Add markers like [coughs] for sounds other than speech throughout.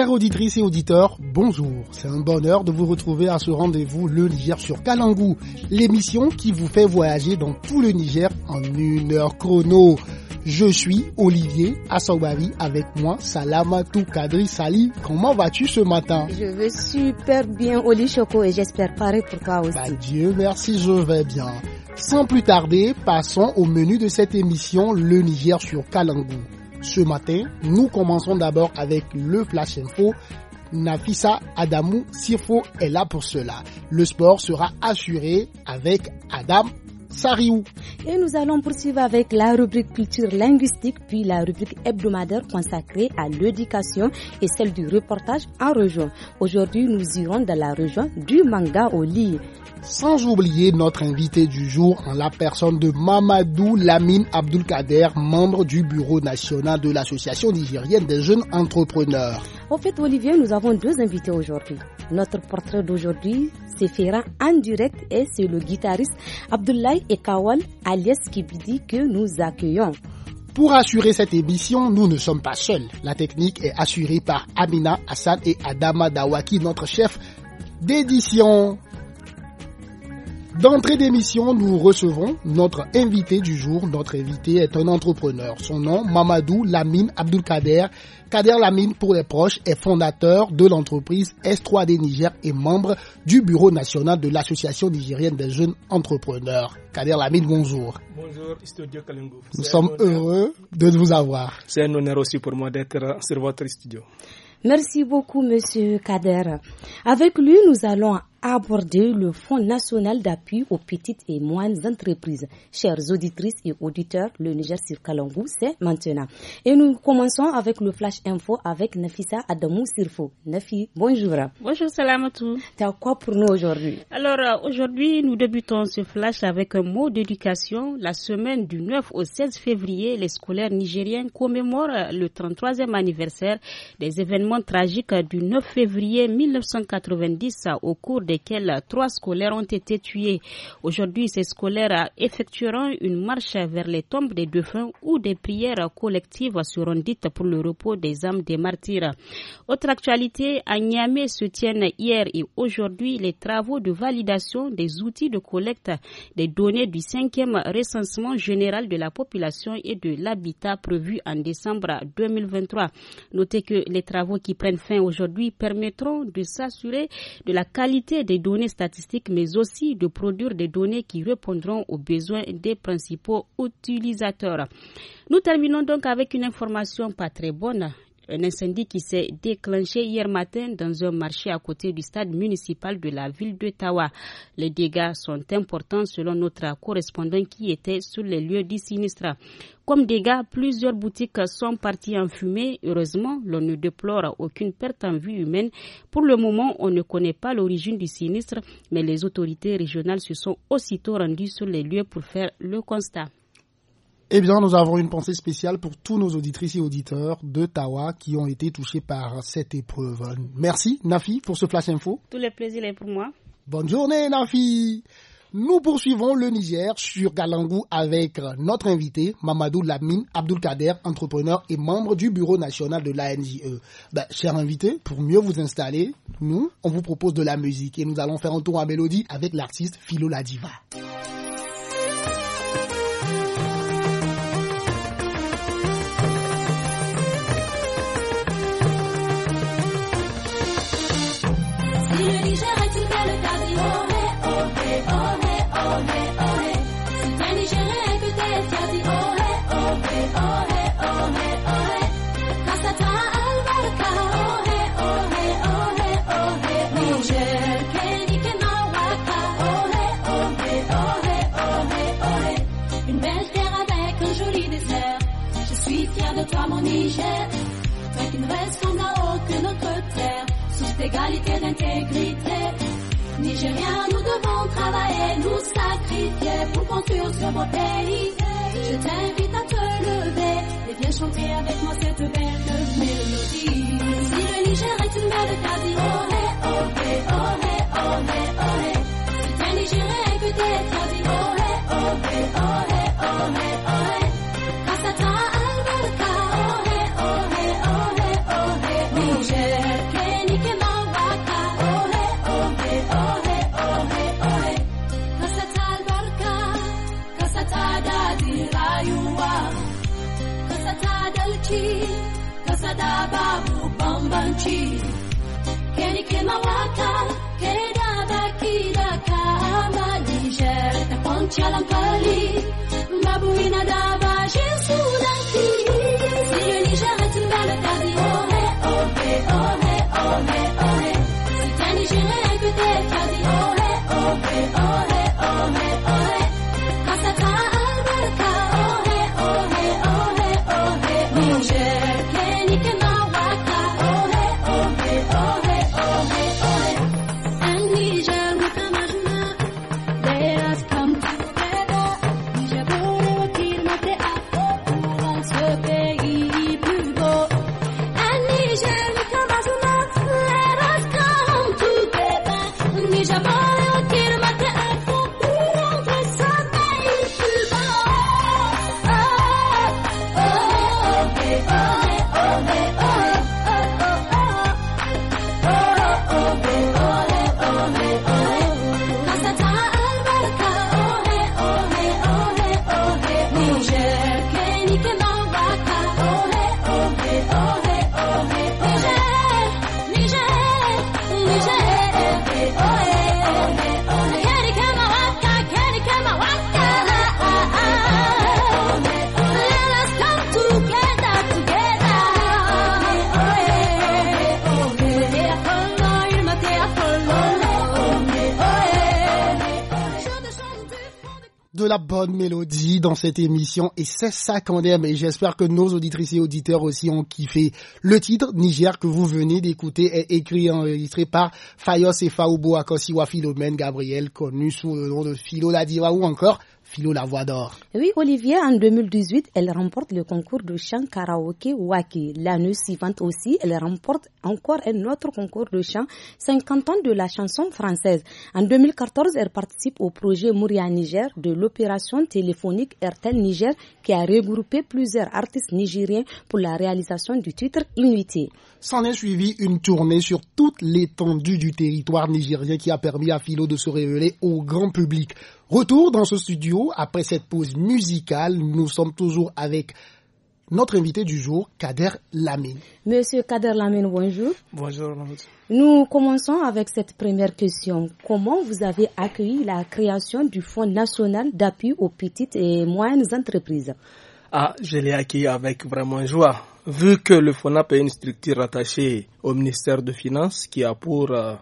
Chères auditrices et auditeurs, bonjour. C'est un bonheur de vous retrouver à ce rendez-vous Le Niger sur Kalangou, l'émission qui vous fait voyager dans tout le Niger en une heure chrono. Je suis Olivier Assobari avec moi, Salamatou Kadri Sali. Comment vas-tu ce matin Je vais super bien, Oli Choco, et j'espère pareil pour toi aussi. Bah, Dieu merci, je vais bien. Sans plus tarder, passons au menu de cette émission Le Niger sur Kalangou ce matin, nous commençons d'abord avec le Flash Info. Nafisa Adamou Sirfo est là pour cela. Le sport sera assuré avec Adam Sariou. Et nous allons poursuivre avec la rubrique culture linguistique, puis la rubrique hebdomadaire consacrée à l'éducation et celle du reportage en région. Aujourd'hui, nous irons dans la région du manga au lit. Sans oublier notre invité du jour en la personne de Mamadou Lamine Abdulkader, membre du bureau national de l'Association nigérienne des jeunes entrepreneurs. Au fait, Olivier, nous avons deux invités aujourd'hui. Notre portrait d'aujourd'hui, c'est Ferran en direct et c'est le guitariste Abdoulaye Ekawal, alias Kibidi, que nous accueillons. Pour assurer cette émission, nous ne sommes pas seuls. La technique est assurée par Amina Hassan et Adama Dawaki, notre chef d'édition. D'entrée d'émission, nous recevons notre invité du jour. Notre invité est un entrepreneur. Son nom, Mamadou Lamine Abdulkader. Kader Lamine, pour les proches, est fondateur de l'entreprise S3D Niger et membre du bureau national de l'Association nigérienne des jeunes entrepreneurs. Kader Lamine, bonjour. Bonjour, Studio Kalingo. Nous sommes heureux de vous avoir. C'est un honneur aussi pour moi d'être euh, sur votre studio. Merci beaucoup, Monsieur Kader. Avec lui, nous allons aborder le Fonds national d'appui aux petites et moyennes entreprises. Chers auditrices et auditeurs, le Niger sur c'est maintenant. Et nous commençons avec le Flash Info avec Nafisa Adamou Sirfo. Nafi, bonjour. Bonjour tu T'as quoi pour nous aujourd'hui Alors euh, aujourd'hui, nous débutons ce Flash avec un mot d'éducation. La semaine du 9 au 16 février, les scolaires nigériens commémorent le 33e anniversaire des événements tragiques du 9 février 1990 au cours desquels trois scolaires ont été tués. Aujourd'hui, ces scolaires effectueront une marche vers les tombes des défunts où des prières collectives seront dites pour le repos des âmes des martyrs. Autre actualité, à Niamey se tiennent hier et aujourd'hui les travaux de validation des outils de collecte des données du cinquième recensement général de la population et de l'habitat prévu en décembre 2023. Notez que les travaux qui prennent fin aujourd'hui permettront de s'assurer de la qualité des données statistiques, mais aussi de produire des données qui répondront aux besoins des principaux utilisateurs. Nous terminons donc avec une information pas très bonne. Un incendie qui s'est déclenché hier matin dans un marché à côté du stade municipal de la ville d'Ottawa. Les dégâts sont importants selon notre correspondant qui était sur les lieux du sinistre. Comme dégâts, plusieurs boutiques sont parties en fumée. Heureusement, l'on ne déplore aucune perte en vie humaine. Pour le moment, on ne connaît pas l'origine du sinistre, mais les autorités régionales se sont aussitôt rendues sur les lieux pour faire le constat. Eh bien, nous avons une pensée spéciale pour tous nos auditrices et auditeurs de Tawa qui ont été touchés par cette épreuve. Merci, Nafi, pour ce flash info. Tout le plaisir est pour moi. Bonne journée, Nafi. Nous poursuivons le Niger sur Galangou avec notre invité, Mamadou Lamine Kader, entrepreneur et membre du bureau national de l'ANJE. Ben, cher invité, pour mieux vous installer, nous, on vous propose de la musique et nous allons faire un tour à Mélodie avec l'artiste Philo Ladiva. Niger, mais qu'il ne reste qu'un à que notre terre, sous égalité d'intégrité. Nigériens, nous devons travailler, nous sacrifier pour construire ce beau pays. Je t'invite à te lever et viens chanter avec moi cette belle mélodie. Si le Niger est une belle case, oh hey, oh hey, oh hey, oh hey, Si que t'es oh hey, oh hey, oh oh hey. Sada da babu bambanci Keni kema waka Keda baki da ka ama Niger Ta kwanciyar hankali Babu ina da bonne mélodie dans cette émission et c'est ça qu'on aime et j'espère que nos auditrices et auditeurs aussi ont kiffé le titre Niger que vous venez d'écouter est écrit et enregistré par Fayos et Faoubo Akosiwa Philomène Gabriel connu sous le nom de Philo Ladiva ou encore Philo la voix d'or. Oui, Olivier, en 2018, elle remporte le concours de chant karaoké Waki. L'année suivante aussi, elle remporte encore un autre concours de chant, 50 ans de la chanson française. En 2014, elle participe au projet Mouria Niger de l'opération téléphonique Ertel Niger qui a regroupé plusieurs artistes nigériens pour la réalisation du titre Inuité. S'en est suivi une tournée sur toute l'étendue du territoire nigérien qui a permis à Philo de se révéler au grand public. Retour dans ce studio, après cette pause musicale, nous sommes toujours avec notre invité du jour, Kader Lamine. Monsieur Kader Lamine, bonjour. Bonjour. Nous commençons avec cette première question. Comment vous avez accueilli la création du Fonds national d'appui aux petites et moyennes entreprises Ah, je l'ai accueilli avec vraiment joie. Vu que le FONAP est une structure rattachée au ministère de Finances qui a pour... Euh,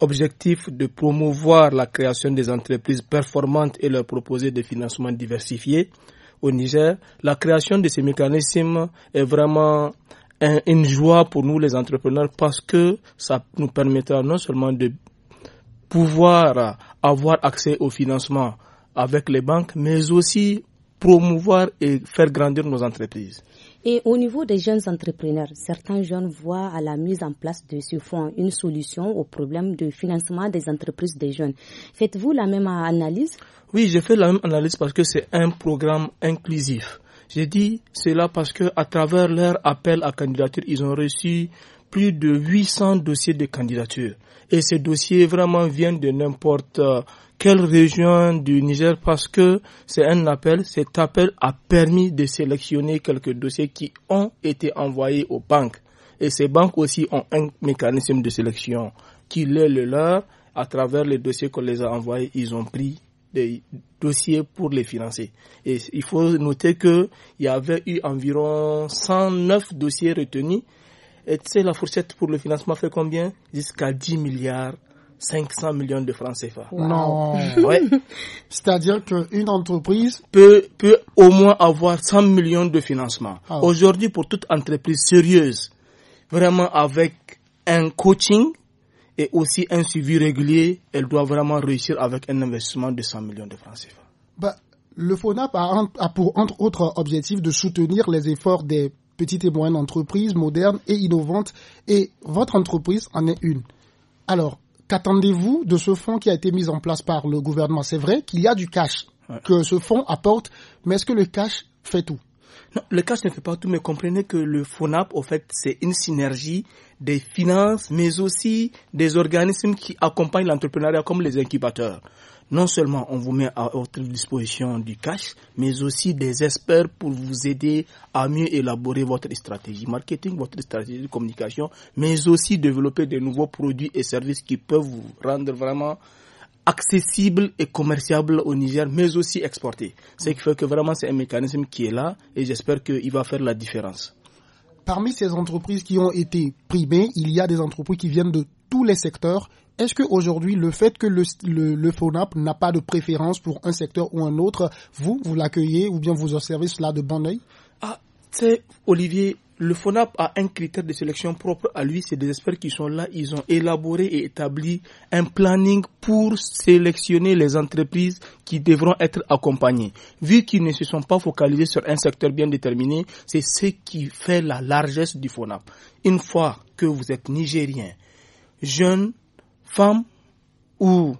objectif de promouvoir la création des entreprises performantes et leur proposer des financements diversifiés. Au Niger, la création de ces mécanismes est vraiment une joie pour nous les entrepreneurs parce que ça nous permettra non seulement de pouvoir avoir accès au financement avec les banques, mais aussi promouvoir et faire grandir nos entreprises. Et au niveau des jeunes entrepreneurs, certains jeunes voient à la mise en place de ce fonds une solution au problème de financement des entreprises des jeunes. Faites-vous la même analyse Oui, j'ai fait la même analyse parce que c'est un programme inclusif. J'ai dit cela parce que à travers leur appel à candidature, ils ont reçu plus de 800 dossiers de candidature. Et ces dossiers vraiment viennent de n'importe euh, quelle région du Niger parce que c'est un appel. Cet appel a permis de sélectionner quelques dossiers qui ont été envoyés aux banques. Et ces banques aussi ont un mécanisme de sélection qui est le leur. À travers les dossiers qu'on les a envoyés, ils ont pris des dossiers pour les financer. Et il faut noter que il y avait eu environ 109 dossiers retenus. Et c'est la fourchette pour le financement fait combien Jusqu'à 10 milliards 500 millions de francs CFA. Non. Ouais. [laughs] C'est-à-dire qu'une entreprise peut, peut au moins avoir 100 millions de financement. Ah Aujourd'hui, pour toute entreprise sérieuse, vraiment avec un coaching et aussi un suivi régulier, elle doit vraiment réussir avec un investissement de 100 millions de francs CFA. Bah, le FONAP a, pour, entre autres, objectif de soutenir les efforts des petites et moyennes entreprises modernes et innovantes et votre entreprise en est une. Alors, qu'attendez-vous de ce fonds qui a été mis en place par le gouvernement C'est vrai qu'il y a du cash que ce fonds apporte, mais est-ce que le cash fait tout non, le cash ne fait pas tout, mais comprenez que le FONAP, au fait, c'est une synergie des finances, mais aussi des organismes qui accompagnent l'entrepreneuriat comme les incubateurs non seulement on vous met à votre disposition du cash, mais aussi des experts pour vous aider à mieux élaborer votre stratégie marketing, votre stratégie de communication, mais aussi développer de nouveaux produits et services qui peuvent vous rendre vraiment accessible et commerciable au Niger, mais aussi exporter. Ce qui fait que vraiment c'est un mécanisme qui est là et j'espère qu'il va faire la différence. Parmi ces entreprises qui ont été primées, il y a des entreprises qui viennent de tous les secteurs est-ce que aujourd'hui le fait que le, le, FONAP n'a pas de préférence pour un secteur ou un autre, vous, vous l'accueillez ou bien vous observez cela de bon oeil Ah, c'est Olivier, le FONAP a un critère de sélection propre à lui, c'est des experts qui sont là, ils ont élaboré et établi un planning pour sélectionner les entreprises qui devront être accompagnées. Vu qu'ils ne se sont pas focalisés sur un secteur bien déterminé, c'est ce qui fait la largesse du FONAP. Une fois que vous êtes nigérien, jeune, femme ou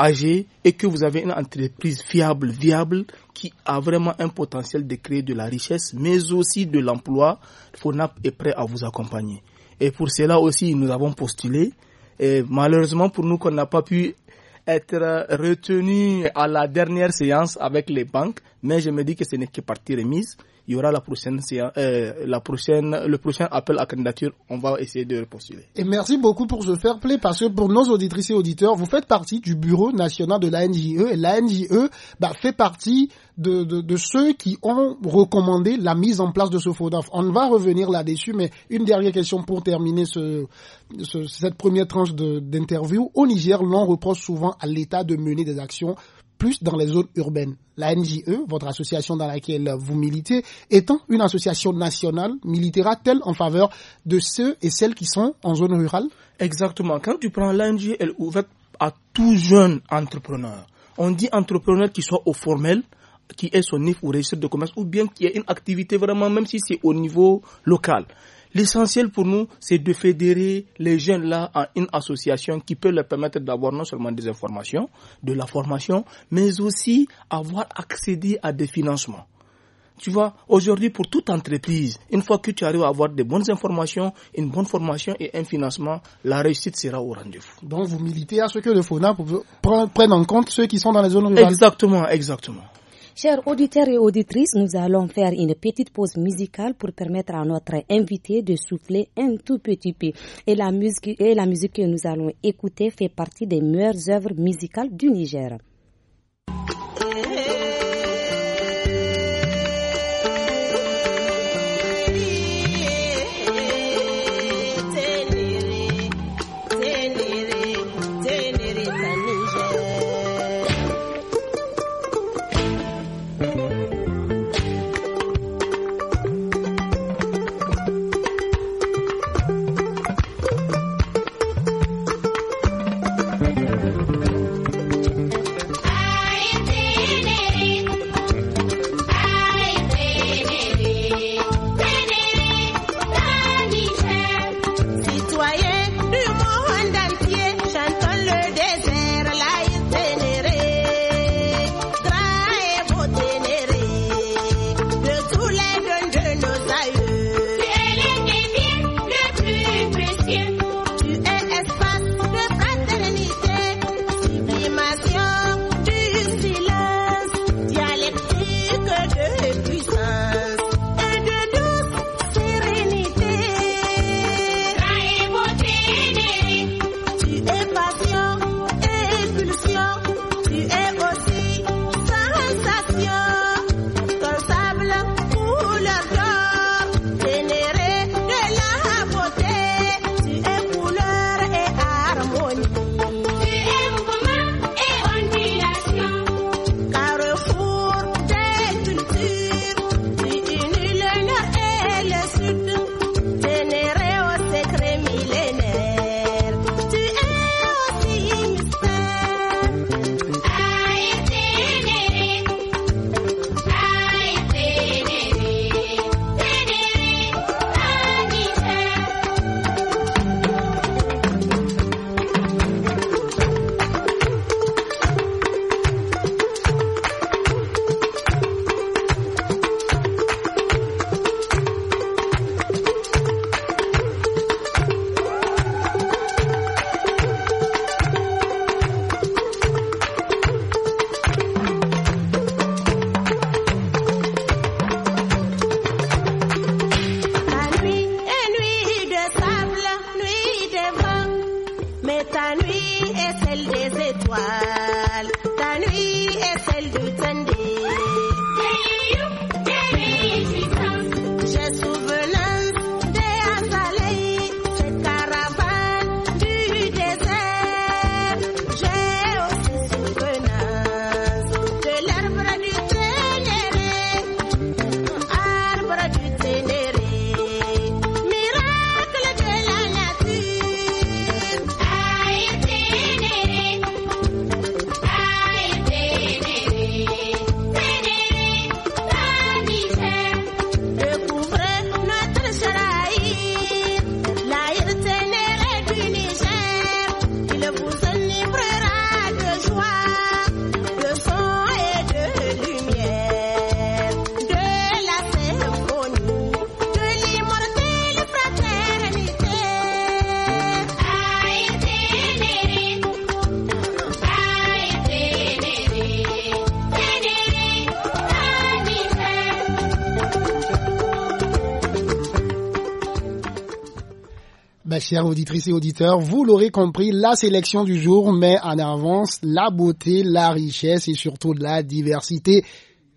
âgées et que vous avez une entreprise fiable, viable, qui a vraiment un potentiel de créer de la richesse, mais aussi de l'emploi, FONAP est prêt à vous accompagner. Et pour cela aussi, nous avons postulé. Et malheureusement pour nous qu'on n'a pas pu être retenu à la dernière séance avec les banques, mais je me dis que ce n'est que partie remise il y aura la prochaine, euh, la prochaine, le prochain appel à candidature. On va essayer de repostuler. Et merci beaucoup pour ce faire, play parce que pour nos auditrices et auditeurs, vous faites partie du bureau national de l'ANJE et l'ANJE bah, fait partie de, ceux qui ont recommandé la mise en place de ce d'offre. On va revenir là-dessus, mais une dernière question pour terminer cette première tranche d'interview. Au Niger, l'on reproche souvent à l'État de mener des actions plus dans les zones urbaines. La NJE, votre association dans laquelle vous militez, étant une association nationale, militera-t-elle en faveur de ceux et celles qui sont en zone rurale Exactement. Quand tu prends la e, elle est ouverte à tout jeune entrepreneur. On dit entrepreneur qui soit au formel, qui est son IF ou registre de commerce, ou bien qui a une activité vraiment, même si c'est au niveau local. L'essentiel pour nous, c'est de fédérer les jeunes-là en une association qui peut leur permettre d'avoir non seulement des informations, de la formation, mais aussi avoir accédé à des financements. Tu vois, aujourd'hui, pour toute entreprise, une fois que tu arrives à avoir de bonnes informations, une bonne formation et un financement, la réussite sera au rendez-vous. Donc, vous militez à ce que le FONA prenne en compte ceux qui sont dans les zones rurales. Exactement, exactement. Chers auditeurs et auditrices, nous allons faire une petite pause musicale pour permettre à notre invité de souffler un tout petit peu. Et la musique, que nous allons écouter fait partie des meilleures œuvres musicales du Niger. Chères auditrices et auditeurs, vous l'aurez compris, la sélection du jour met en avance la beauté, la richesse et surtout la diversité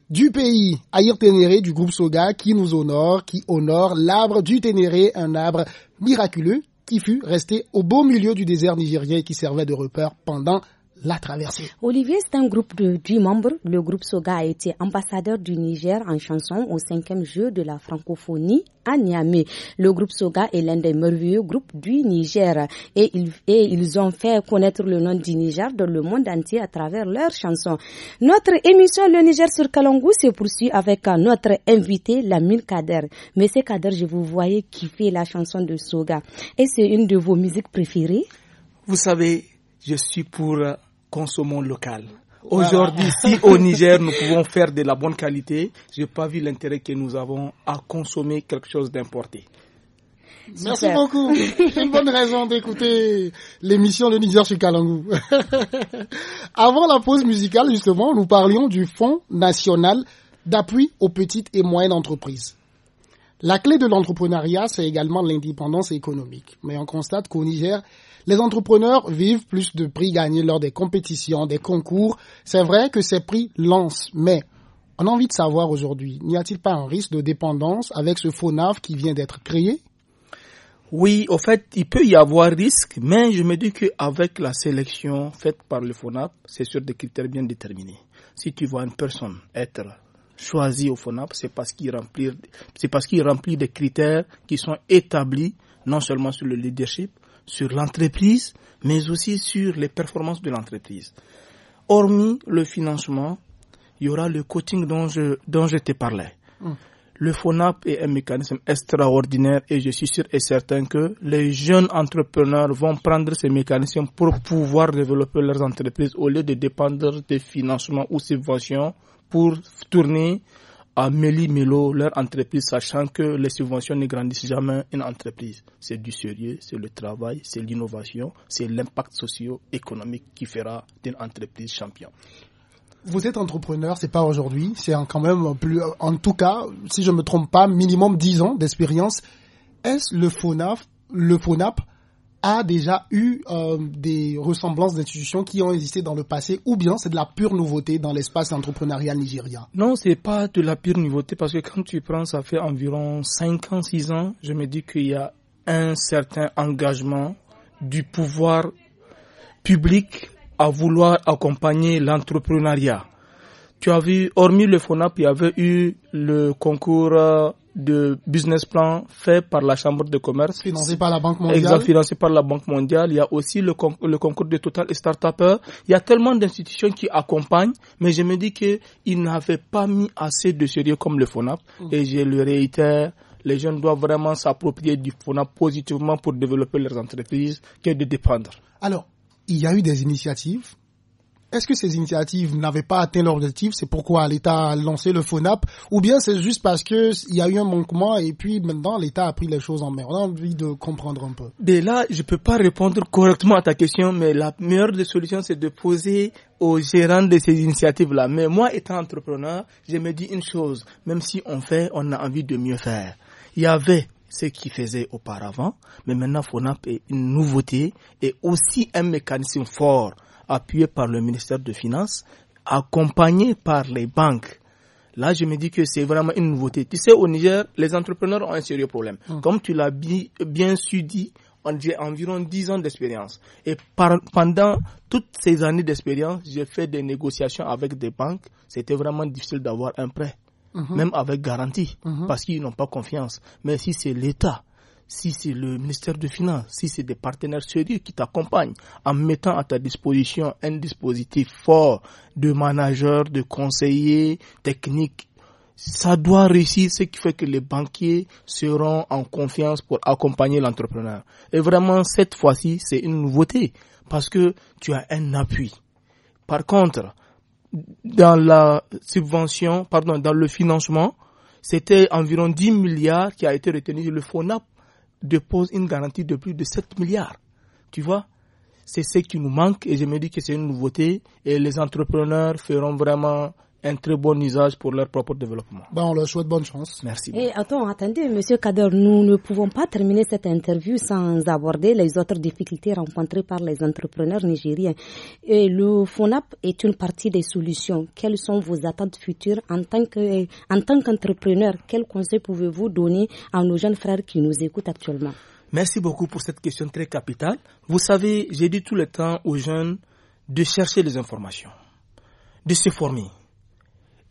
du pays, Aïr Ténéré du groupe Soga qui nous honore, qui honore l'arbre du Ténéré, un arbre miraculeux qui fut resté au beau milieu du désert nigérien et qui servait de repère pendant la traversée. Olivier, c'est un groupe de 10 membres. Le groupe Soga a été ambassadeur du Niger en chanson au cinquième jeu de la francophonie à Niamey. Le groupe Soga est l'un des merveilleux groupes du Niger et ils, ont fait connaître le nom du Niger dans le monde entier à travers leurs chansons. Notre émission Le Niger sur Kalangou se poursuit avec notre invité, Lamine Kader. Monsieur Kader, je vous voyais kiffer la chanson de Soga. Et c'est une de vos musiques préférées? Vous savez, je suis pour consommons local. Aujourd'hui, [laughs] si au Niger nous pouvons faire de la bonne qualité, je n'ai pas vu l'intérêt que nous avons à consommer quelque chose d'importé. Merci beaucoup. beaucoup. [laughs] Une bonne raison d'écouter l'émission Le Niger sur Kalangu. [laughs] Avant la pause musicale, justement, nous parlions du Fonds national d'appui aux petites et moyennes entreprises. La clé de l'entrepreneuriat, c'est également l'indépendance économique. Mais on constate qu'au Niger, les entrepreneurs vivent plus de prix gagnés lors des compétitions, des concours. C'est vrai que ces prix lancent, mais on a envie de savoir aujourd'hui, n'y a-t-il pas un risque de dépendance avec ce faux qui vient d'être créé oui, au fait, il peut y avoir risque, mais je me dis qu'avec la sélection faite par le FONAP, c'est sur des critères bien déterminés. Si tu vois une personne être choisie au FONAP, c'est parce qu'il c'est parce qu'il remplit des critères qui sont établis non seulement sur le leadership, sur l'entreprise, mais aussi sur les performances de l'entreprise. Hormis le financement, il y aura le coaching dont je, dont je te parlais. Hum. Le FONAP est un mécanisme extraordinaire et je suis sûr et certain que les jeunes entrepreneurs vont prendre ces mécanismes pour pouvoir développer leurs entreprises au lieu de dépendre des financements ou subventions pour tourner Amélie Melo leur entreprise, sachant que les subventions ne grandissent jamais une entreprise. C'est du sérieux, c'est le travail, c'est l'innovation, c'est l'impact socio-économique qui fera d'une entreprise champion. Vous êtes entrepreneur, c'est pas aujourd'hui, c'est quand même plus, en tout cas, si je me trompe pas, minimum 10 ans d'expérience. Est-ce le FONAF, le FONAP a déjà eu euh, des ressemblances d'institutions qui ont existé dans le passé ou bien c'est de la pure nouveauté dans l'espace entrepreneurial nigérien Non, c'est pas de la pure nouveauté parce que quand tu prends, ça fait environ 5 ans, 6 ans, je me dis qu'il y a un certain engagement du pouvoir public à vouloir accompagner l'entrepreneuriat. Tu as vu, hormis le FONAP, il y avait eu le concours euh, de business plan fait par la Chambre de commerce. Financé par la Banque mondiale. Exact, financé par la Banque mondiale. Il y a aussi le, concours de Total et Il y a tellement d'institutions qui accompagnent, mais je me dis qu'ils n'avaient pas mis assez de sérieux comme le FONAP. Mm. Et je le réitère, les jeunes doivent vraiment s'approprier du FONAP positivement pour développer leurs entreprises que de dépendre. Alors, il y a eu des initiatives est-ce que ces initiatives n'avaient pas atteint leur objectif C'est pourquoi l'État a lancé le FONAP Ou bien c'est juste parce que il y a eu un manquement et puis maintenant l'État a pris les choses en main On a envie de comprendre un peu. Dès ben là, je peux pas répondre correctement à ta question, mais la meilleure des solutions, c'est de poser aux gérants de ces initiatives-là. Mais moi, étant entrepreneur, je me dis une chose, même si on fait, on a envie de mieux faire. Il y avait ce qui faisait auparavant, mais maintenant FONAP est une nouveauté et aussi un mécanisme fort appuyé par le ministère de Finances, accompagné par les banques. Là, je me dis que c'est vraiment une nouveauté. Tu sais, au Niger, les entrepreneurs ont un sérieux problème. Hum. Comme tu l'as bien su dit, j'ai environ 10 ans d'expérience. Et pendant toutes ces années d'expérience, j'ai fait des négociations avec des banques. C'était vraiment difficile d'avoir un prêt, même avec garantie, parce qu'ils n'ont pas confiance. Mais si c'est l'État si c'est le ministère de Finances, si c'est des partenaires sérieux qui t'accompagnent, en mettant à ta disposition un dispositif fort de managers, de conseillers techniques, ça doit réussir, ce qui fait que les banquiers seront en confiance pour accompagner l'entrepreneur. Et vraiment, cette fois-ci, c'est une nouveauté, parce que tu as un appui. Par contre, dans la subvention, pardon, dans le financement, c'était environ 10 milliards qui a été retenu. Le FONAP dépose une garantie de plus de 7 milliards. Tu vois C'est ce qui nous manque et je me dis que c'est une nouveauté et les entrepreneurs feront vraiment un très bon usage pour leur propre développement. Bon, on leur souhaite bonne chance. Merci. Et attendez, Monsieur Kader, nous ne pouvons pas terminer cette interview sans aborder les autres difficultés rencontrées par les entrepreneurs nigériens. Et le FONAP est une partie des solutions. Quelles sont vos attentes futures en tant tant qu'entrepreneur? Quels conseils pouvez-vous donner à nos jeunes frères qui nous écoutent actuellement? Merci beaucoup pour cette question très capitale. Vous savez, j'ai dit tout le temps aux jeunes de chercher les informations, de se former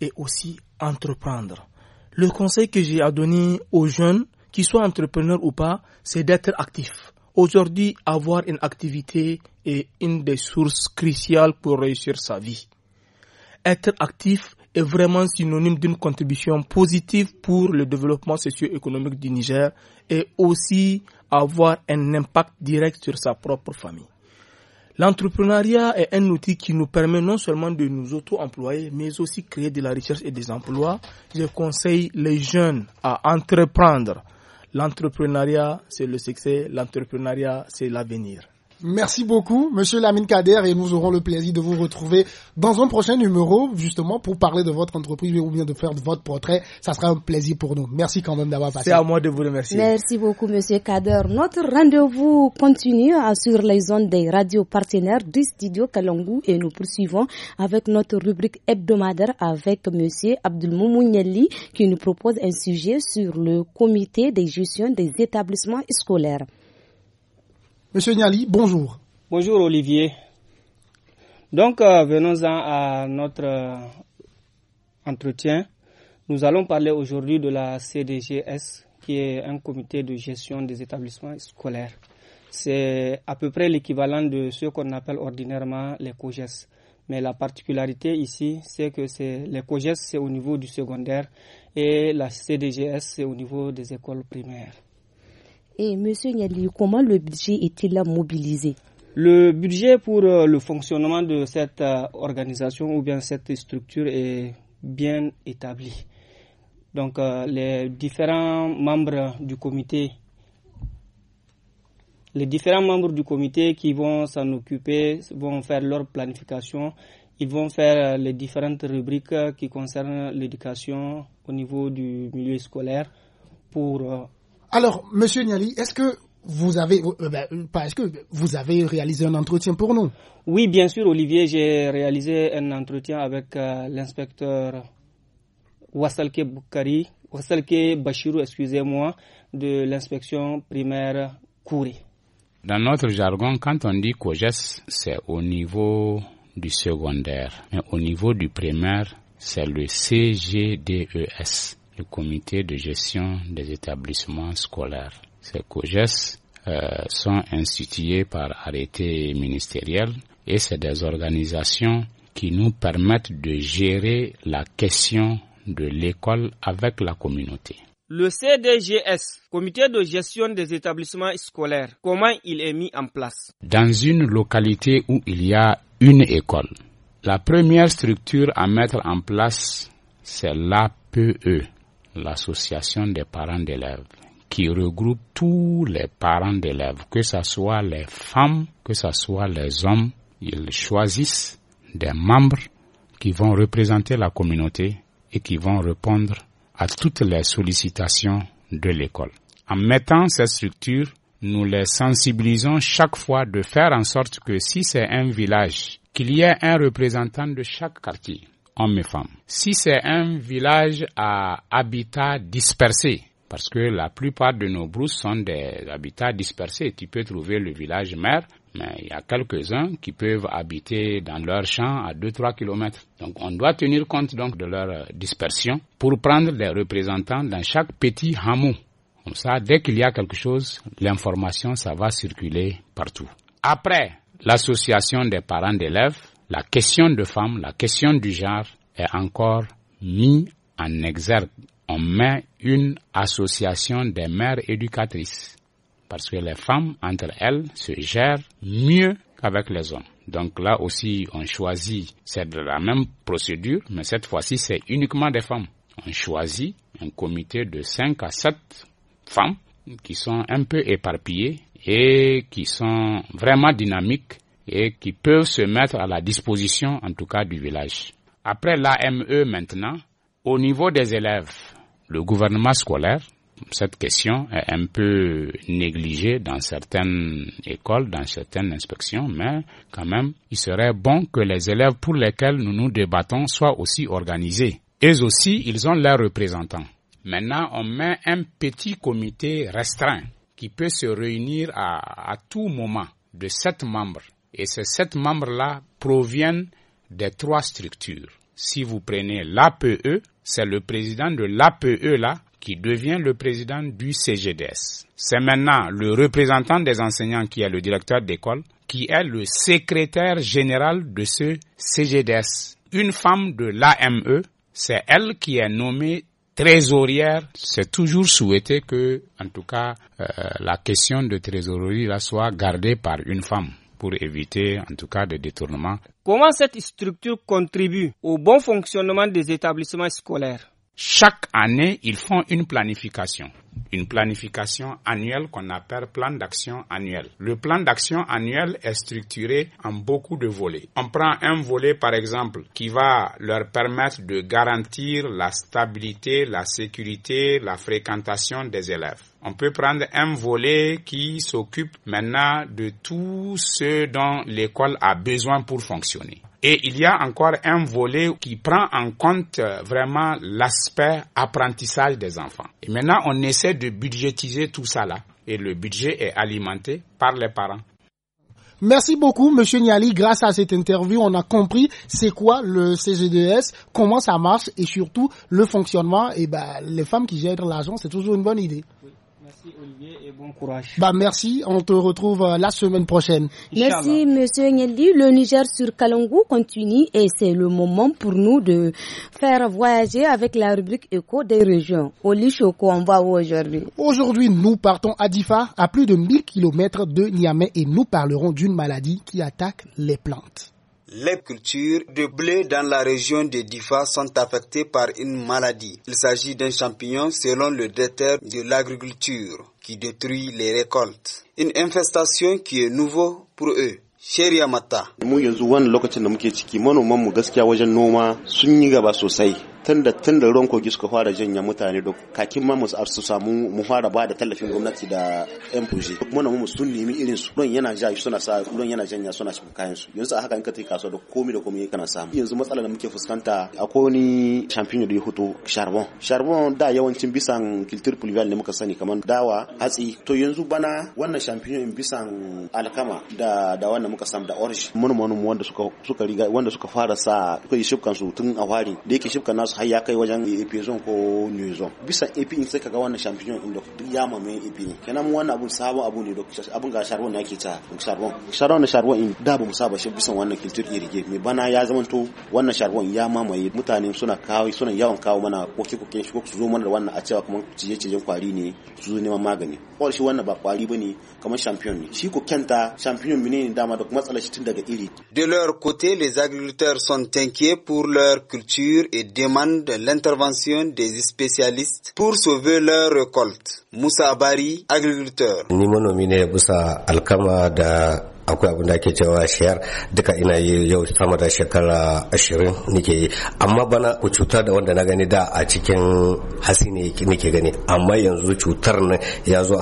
et aussi entreprendre. Le conseil que j'ai à donner aux jeunes, qu'ils soient entrepreneurs ou pas, c'est d'être actif. Aujourd'hui, avoir une activité est une des sources cruciales pour réussir sa vie. Être actif est vraiment synonyme d'une contribution positive pour le développement socio-économique du Niger et aussi avoir un impact direct sur sa propre famille. L'entrepreneuriat est un outil qui nous permet non seulement de nous auto-employer, mais aussi créer de la recherche et des emplois. Je conseille les jeunes à entreprendre. L'entrepreneuriat, c'est le succès. L'entrepreneuriat, c'est l'avenir. Merci beaucoup, monsieur Lamine Kader, et nous aurons le plaisir de vous retrouver dans un prochain numéro, justement, pour parler de votre entreprise ou bien de faire votre portrait. Ça sera un plaisir pour nous. Merci quand même d'avoir passé. C'est à moi de vous remercier. Merci beaucoup, monsieur Kader. Notre rendez-vous continue hein, sur les zones des radios partenaires du studio Kalangou et nous poursuivons avec notre rubrique hebdomadaire avec monsieur Abdelmoumouniali qui nous propose un sujet sur le comité des gestion des établissements scolaires. Monsieur Niali, bonjour. Bonjour Olivier. Donc euh, venons-en à notre euh, entretien. Nous allons parler aujourd'hui de la CDGS, qui est un comité de gestion des établissements scolaires. C'est à peu près l'équivalent de ce qu'on appelle ordinairement les COGES. Mais la particularité ici, c'est que les COGES, c'est au niveau du secondaire et la CDGS, c'est au niveau des écoles primaires. Et Monsieur Nyali, comment le budget est-il mobilisé Le budget pour euh, le fonctionnement de cette euh, organisation ou bien cette structure est bien établi. Donc euh, les différents membres du comité les différents membres du comité qui vont s'en occuper vont faire leur planification. Ils vont faire les différentes rubriques qui concernent l'éducation au niveau du milieu scolaire pour alors, Monsieur Niali, est-ce que vous avez, euh, ben, euh, que vous avez réalisé un entretien pour nous Oui, bien sûr, Olivier, j'ai réalisé un entretien avec euh, l'inspecteur Wassalke Boukari, Bachirou, excusez-moi, de l'inspection primaire Kouri. Dans notre jargon, quand on dit COGES, c'est au niveau du secondaire. Mais au niveau du primaire, c'est le CGDES le comité de gestion des établissements scolaires. Ces COGES euh, sont institués par arrêté ministériel et c'est des organisations qui nous permettent de gérer la question de l'école avec la communauté. Le CDGS, Comité de gestion des établissements scolaires, comment il est mis en place Dans une localité où il y a une école, la première structure à mettre en place, c'est l'APE, l'association des parents d'élèves qui regroupe tous les parents d'élèves, que ce soit les femmes, que ce soit les hommes. Ils choisissent des membres qui vont représenter la communauté et qui vont répondre à toutes les sollicitations de l'école. En mettant ces structures, nous les sensibilisons chaque fois de faire en sorte que si c'est un village, qu'il y ait un représentant de chaque quartier hommes et femmes. Si c'est un village à habitat dispersé, parce que la plupart de nos brousses sont des habitats dispersés, tu peux trouver le village mère, mais il y a quelques-uns qui peuvent habiter dans leur champ à 2-3 km. Donc on doit tenir compte donc de leur euh, dispersion pour prendre des représentants dans chaque petit hameau. Comme ça, dès qu'il y a quelque chose, l'information, ça va circuler partout. Après, l'association des parents d'élèves la question de femmes, la question du genre est encore mise en exergue. On met une association des mères éducatrices parce que les femmes, entre elles, se gèrent mieux qu'avec les hommes. Donc là aussi, on choisit, c'est la même procédure, mais cette fois-ci, c'est uniquement des femmes. On choisit un comité de 5 à 7 femmes qui sont un peu éparpillées et qui sont vraiment dynamiques et qui peuvent se mettre à la disposition en tout cas du village. Après l'AME maintenant, au niveau des élèves, le gouvernement scolaire, cette question est un peu négligée dans certaines écoles, dans certaines inspections, mais quand même, il serait bon que les élèves pour lesquels nous nous débattons soient aussi organisés. Eux aussi, ils ont leurs représentants. Maintenant, on met un petit comité restreint qui peut se réunir à, à tout moment de sept membres et ces sept membres-là proviennent des trois structures. Si vous prenez l'APE, c'est le président de l'APE là qui devient le président du CGDS. C'est maintenant le représentant des enseignants qui est le directeur d'école, qui est le secrétaire général de ce CGDS. Une femme de l'AME, c'est elle qui est nommée trésorière. C'est toujours souhaité que, en tout cas, euh, la question de trésorerie là, soit gardée par une femme pour éviter en tout cas des détournements. Comment cette structure contribue au bon fonctionnement des établissements scolaires Chaque année, ils font une planification une planification annuelle qu'on appelle plan d'action annuel. Le plan d'action annuel est structuré en beaucoup de volets. On prend un volet par exemple qui va leur permettre de garantir la stabilité, la sécurité, la fréquentation des élèves on peut prendre un volet qui s'occupe maintenant de tout ce dont l'école a besoin pour fonctionner. Et il y a encore un volet qui prend en compte vraiment l'aspect apprentissage des enfants. Et maintenant, on essaie de budgétiser tout ça là. Et le budget est alimenté par les parents. Merci beaucoup, Monsieur Niali. Grâce à cette interview, on a compris c'est quoi le CGDS, comment ça marche et surtout le fonctionnement. Et ben, les femmes qui gèrent l'argent, c'est toujours une bonne idée. Merci Olivier et bon courage. Bah merci, on te retrouve euh, la semaine prochaine. Merci Monsieur Ngeli, Le Niger sur Kalangu continue et c'est le moment pour nous de faire voyager avec la rubrique éco des régions. Oli on va aujourd'hui Aujourd'hui, nous partons à Difa, à plus de 1000 km de Niamey et nous parlerons d'une maladie qui attaque les plantes. Les cultures de blé dans la région de Difa sont affectées par une maladie. Il s'agit d'un champignon selon le déter de l'agriculture qui détruit les récoltes. Une infestation qui est nouveau pour eux. tunda tunda ruwan kogi suka fara janya mutane da kakin ma su samu mu fara ba da tallafin gwamnati da yan fushi duk mana mu sun nemi irin su ruwan yana ja suna sa ruwan yana janya suna shi kayan su yanzu a haka in ka tai kasuwa da komai da komai kana samu yanzu matsalar da muke fuskanta akwai wani champignon da ya hoto charbon charbon da yawancin bisan culture pluvial ne muka sani kamar dawa hatsi to yanzu bana wannan in bisan alkama da da wannan muka samu da orange mun wanda suka suka riga wanda suka fara sa suka yi shifkan su tun a fari da yake shifkan nasu har ya kai wajen EP zone ko New zone bisa EP in sai kaga wannan champion din da duk ya mamaye EP ne kenan wannan abun sabon abu ne da abun ga Sharwon yake ta Sharwon Sharon Sharwon in da ba mu saba shi bisa wannan kiltur irige me bana ya to wannan Sharwon ya mamaye mutane suna kawo suna yawan kawo mana koke koke shi ko su zo mana da wannan a cewa kamar ciye ciyen kwari ne su zo neman magani ko shi wannan ba kwari bane kamar champion ne shi ko kenta champion ne dama da kuma tun daga iri de leur côté les agriculteurs sont inquiets pour leur culture et demain de l'intervention des spécialistes pour sauver leur récolte. Moussa Abari, agriculteur. akwai abin da ake cewa shayar duka ina yi yau sama da shekara ashirin nike yi amma bana ku cutar da wanda na gani da a cikin hasi ne nike gani amma yanzu cutar nan ya zo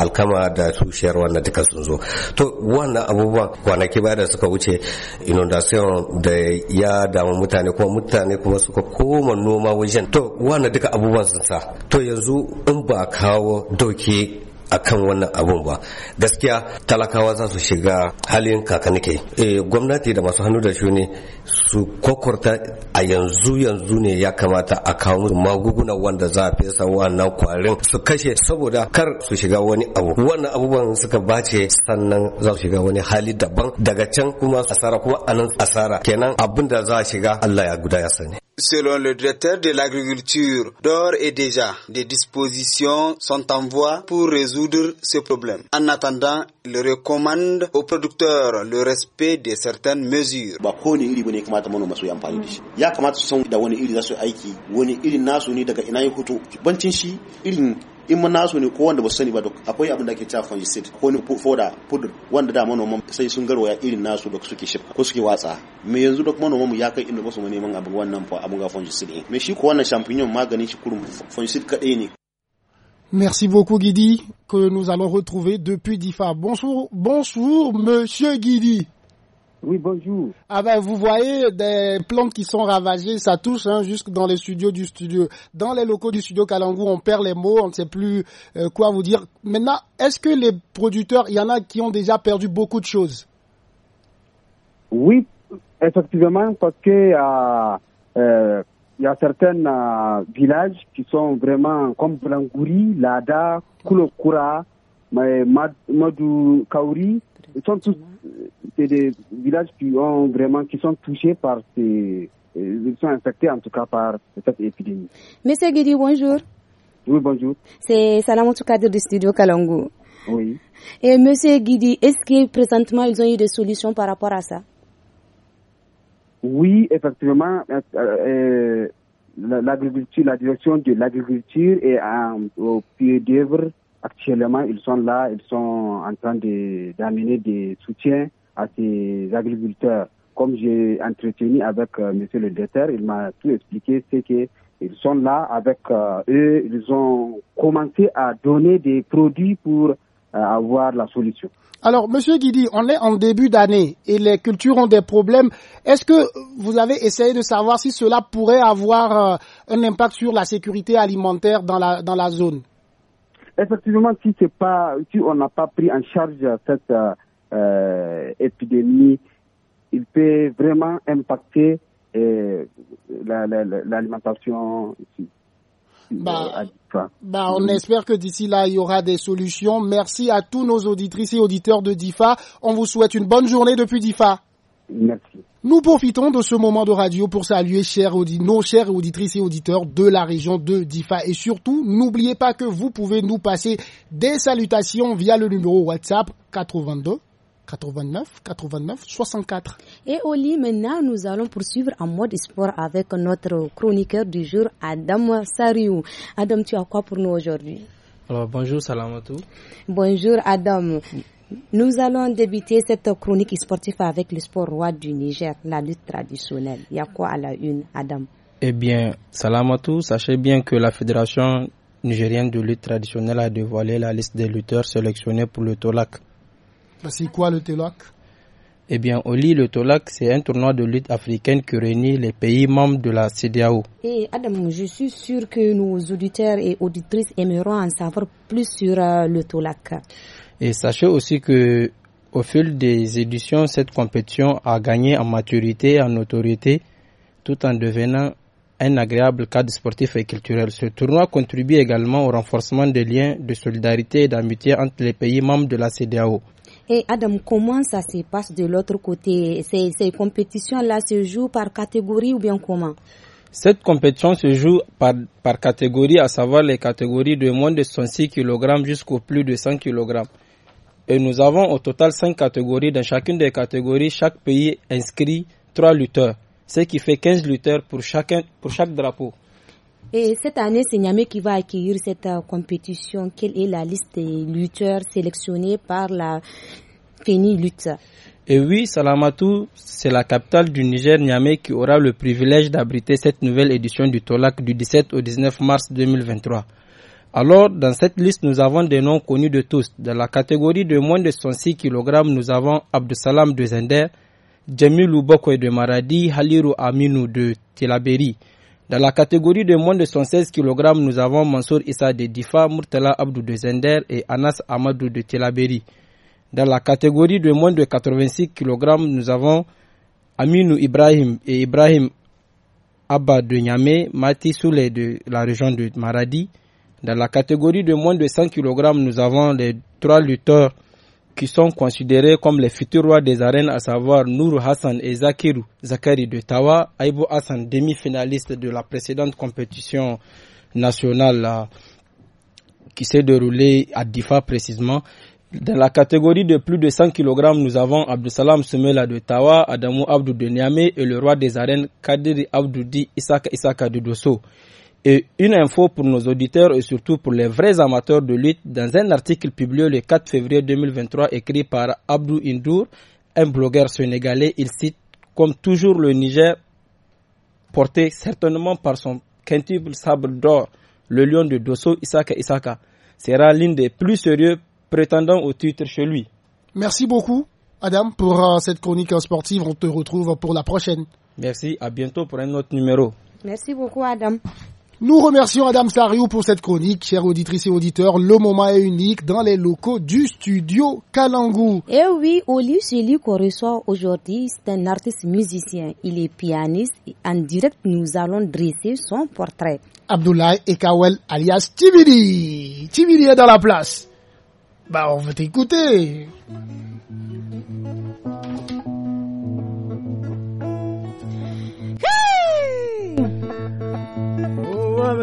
alkama da su shayar wannan duka sun zo to wannan abubuwa kwanaki baya da suka wuce inundation da ya damu mutane kuma mutane kuma suka koma noma wajen to wannan duka abubuwan sun sa to yanzu in ba kawo doki akan wannan abun ba gaskiya talakawa za su shiga halin kakanike eh gwamnati da masu hannu da shuni su kwakwarta a yanzu yanzu ne ya kamata a kawo magunguna wanda za a fesa wannan kwarin su kashe saboda kar su shiga wani abu wannan abubuwan suka bace sannan za su shiga wani hali daban daga can kuma asara kuma anan asara kenan abin da za a shiga Allah ya guda ya sani Selon le directeur de l'agriculture, d'ores et déjà, des dispositions sont en voie pour résoudre ce problème. En attendant, il recommande aux producteurs le respect de certaines mesures in ma nasu ne ko wanda ba sani ba duk akwai abin da ake cewa fungicide ko ne foda pudur wanda da manoma sai sun garwaya irin nasu da suke shifa ko suke watsa me yanzu duk manoma mu ya kai inda ba su neman abin wannan abin ga fungicide me shi ko wannan champignon maganin shi kurum fungicide kadai ne Merci beaucoup Guidi, que nous allons retrouver depuis DIFA. Bonjour, bonjour Monsieur Guidi. Oui, bonjour. Ah ben, vous voyez des plantes qui sont ravagées, ça touche hein, jusque dans les studios du studio. Dans les locaux du studio Kalangou, on perd les mots, on ne sait plus euh, quoi vous dire. Maintenant, est-ce que les producteurs, il y en a qui ont déjà perdu beaucoup de choses Oui, effectivement, parce que euh, euh, il y a certains villages qui sont vraiment comme Blangouri, Lada, Kulokura, Madou Kauri, ils sont tous c'est des villages qui ont vraiment, qui sont touchés par ces, euh, ils sont infectés en tout cas par cette épidémie. Monsieur Guidi, bonjour. Oui, bonjour. C'est tout Kadir du studio Kalongo. Oui. Et monsieur Guidi, est-ce que présentement ils ont eu des solutions par rapport à ça? Oui, effectivement, euh, euh, l'agriculture, la direction de l'agriculture est au pied d'œuvre Actuellement, ils sont là, ils sont en train d'amener des soutiens à ces agriculteurs. Comme j'ai entretenu avec M. Euh, monsieur le directeur, il m'a tout expliqué, c'est qu'ils sont là avec euh, eux, ils ont commencé à donner des produits pour euh, avoir la solution. Alors, Monsieur Guidi, on est en début d'année et les cultures ont des problèmes. Est-ce que vous avez essayé de savoir si cela pourrait avoir un impact sur la sécurité alimentaire dans la zone effectivement, si, pas, si on n'a pas pris en charge cette euh, épidémie, il peut vraiment impacter euh, l'alimentation ici. Bah, euh, bah, on espère que d'ici là, il y aura des solutions. Merci à tous nos auditrices et auditeurs de DIFA. On vous souhaite une bonne journée depuis DIFA. Merci. Nous profitons de ce moment de radio pour saluer chers nos chères auditrices et auditeurs de la région de Difa. Et surtout, n'oubliez pas que vous pouvez nous passer des salutations via le numéro WhatsApp 82 89 89 64. Et Oli, maintenant, nous allons poursuivre en mode sport avec notre chroniqueur du jour, Adam Sariou. Adam, tu as quoi pour nous aujourd'hui Alors, bonjour tous. Bonjour Adam. Nous allons débuter cette chronique sportive avec le sport roi du Niger, la lutte traditionnelle. Il y a quoi à la une, Adam Eh bien, salam à tous. Sachez bien que la Fédération nigérienne de lutte traditionnelle a dévoilé la liste des lutteurs sélectionnés pour le TOLAC. Bah, c'est quoi le TOLAC eh bien, Oli, le Tolak, c'est un tournoi de lutte africaine qui réunit les pays membres de la CDAO. Et Adam, je suis sûr que nos auditeurs et auditrices aimeront en savoir plus sur euh, le TOLAC. Et sachez aussi que au fil des éditions, cette compétition a gagné en maturité, en autorité, tout en devenant un agréable cadre sportif et culturel. Ce tournoi contribue également au renforcement des liens de solidarité et d'amitié entre les pays membres de la CDAO. Et Adam, comment ça se passe de l'autre côté Ces, compétitions-là se jouent par catégorie ou bien comment Cette compétition se joue par, par catégorie, à savoir les catégories de moins de 106 kg jusqu'au plus de 100 kg. Et nous avons au total cinq catégories. Dans chacune des catégories, chaque pays inscrit trois lutteurs, ce qui fait 15 lutteurs pour, chacun, pour chaque drapeau. Et cette année, c'est Niamey qui va accueillir cette euh, compétition. Quelle est la liste des lutteurs sélectionnés par la FENI Lutte Et oui, Salamatou, c'est la capitale du Niger, Niamey, qui aura le privilège d'abriter cette nouvelle édition du TOLAC du 17 au 19 mars 2023. Alors, dans cette liste, nous avons des noms connus de tous. Dans la catégorie de moins de 106 kg, nous avons Salam de Zender, Djamilou et de Maradi, Haliru Aminou de Telaberi. Dans la catégorie de moins de 116 kg, nous avons Mansour Issa de Difa, Murtala Abdou de Zender et Anas Amadou de Telaberi. Dans la catégorie de moins de 86 kg, nous avons Aminou Ibrahim et Ibrahim Abba de Niamey, Mati Souley de la région de Maradi, dans la catégorie de moins de 100 kg, nous avons les trois lutteurs qui sont considérés comme les futurs rois des arènes, à savoir Nour Hassan et Zakiru Zakari de Tawa, Aibo Hassan, demi-finaliste de la précédente compétition nationale euh, qui s'est déroulée à Difa précisément. Dans la catégorie de plus de 100 kg, nous avons Abdusalam Semela de Tawa, Adamou Abdou de Niamey et le roi des arènes Kadiri Abdoudi Isaka Isaka de Dosso. Et une info pour nos auditeurs et surtout pour les vrais amateurs de lutte, dans un article publié le 4 février 2023 écrit par Abdou Indour, un blogueur sénégalais, il cite comme toujours le Niger porté certainement par son quintuple sabre d'or, le lion de Dosso Isaka Isaka, sera l'un des plus sérieux prétendants au titre chez lui. Merci beaucoup, Adam, pour euh, cette chronique sportive. On te retrouve pour la prochaine. Merci, à bientôt pour un autre numéro. Merci beaucoup, Adam. Nous remercions Adam Sariou pour cette chronique. Chers auditrices et auditeurs, le moment est unique dans les locaux du studio Kalangu. Eh oui, lieu celui qu'on reçoit aujourd'hui, c'est un artiste musicien. Il est pianiste. Et en direct, nous allons dresser son portrait. Abdoulaye Ekawel alias Tibidi. Tibidi est dans la place. Bah, on veut t'écouter.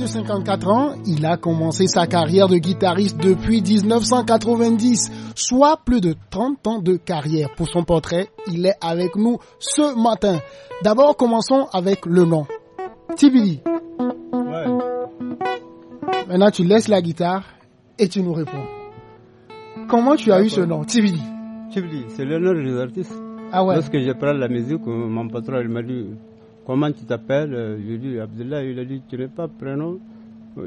de 54 ans, il a commencé sa carrière de guitariste depuis 1990, soit plus de 30 ans de carrière. Pour son portrait, il est avec nous ce matin. D'abord, commençons avec le nom. Tibili. Maintenant, tu laisses la guitare et tu nous réponds. Comment tu as eu ce nom, Tibili Tibili, c'est le nom des artistes. Ah ouais. Lorsque je prends la musique, mon patron il m'a dit Comment tu t'appelles euh, Je lui ai dit Abdullah. Il a dit Tu n'es pas prénom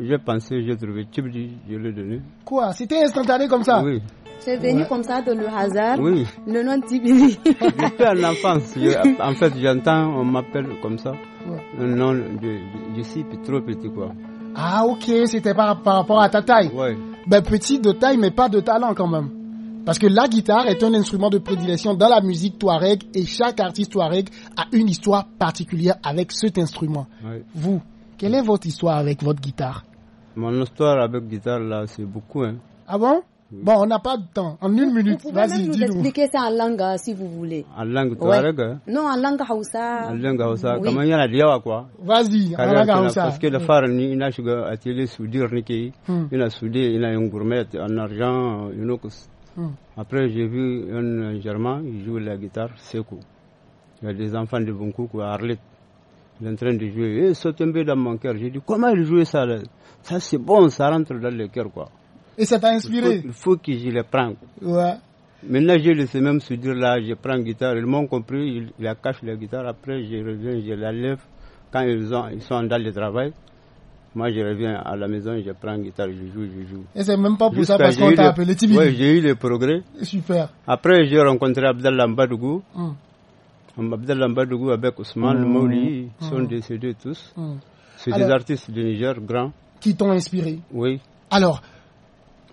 J'ai pensé, j'ai trouvé Tibli, je l'ai donné. Quoi C'était instantané comme ça Oui. C'est venu comme ça dans le hasard. Oui. Le nom de Depuis en enfance, en fait, j'entends, on m'appelle comme ça. Le nom, de. je, je, trop petit, quoi. Ah, ok, c'était par, par rapport à ta taille. Oui. Ben, petit de taille, mais pas de talent quand même. Parce que la guitare est un instrument de prédilection dans la musique touareg et chaque artiste touareg a une histoire particulière avec cet instrument. Vous, quelle est votre histoire avec votre guitare Mon histoire avec guitare, là, c'est beaucoup. Hein. Ah bon Bon, on n'a pas de temps. En une minute, vas-y, dis-nous. Vous pouvez même nous expliquer ça en langue, hein, si vous voulez. En langue touareg hein? Non, en langue haoussa. En langue haoussa. Comment il y en a dit quoi Vas-y, en langue haoussa. Parce que le phare, il a atelier soudure, hmm. il a soudé, il a un gourmet en argent, une autre Hmm. Après, j'ai vu un Germain, il joue la guitare, secou. Il y a des enfants de qui à Arlette. Il est en train de jouer. Et ça tombé dans mon cœur. J'ai dit, comment il jouait ça là? Ça, c'est bon, ça rentre dans le cœur, quoi. Et ça t'a inspiré Il faut, que je le prenne. Ouais. Maintenant, j'ai laissé même se dire là, je prends guitare. Ils m'ont compris, ils la cachent la guitare. Après, je reviens, je la lève. Quand ils, ils sont dans le travail, moi, je reviens à la maison, je prends guitare, je joue, je joue. Et c'est même pas pour ça parce qu'on t'a appelé Tibi. Oui, j'ai eu le progrès. Super. Après, j'ai rencontré Abdallah Lambadougou. Mm. Hum, Abdallah avec Ousmane Mouli, hmm. ils sont hmm. décédés tous. Hmm. C'est des artistes du de Niger grands. Qui t'ont inspiré. Oui. Alors,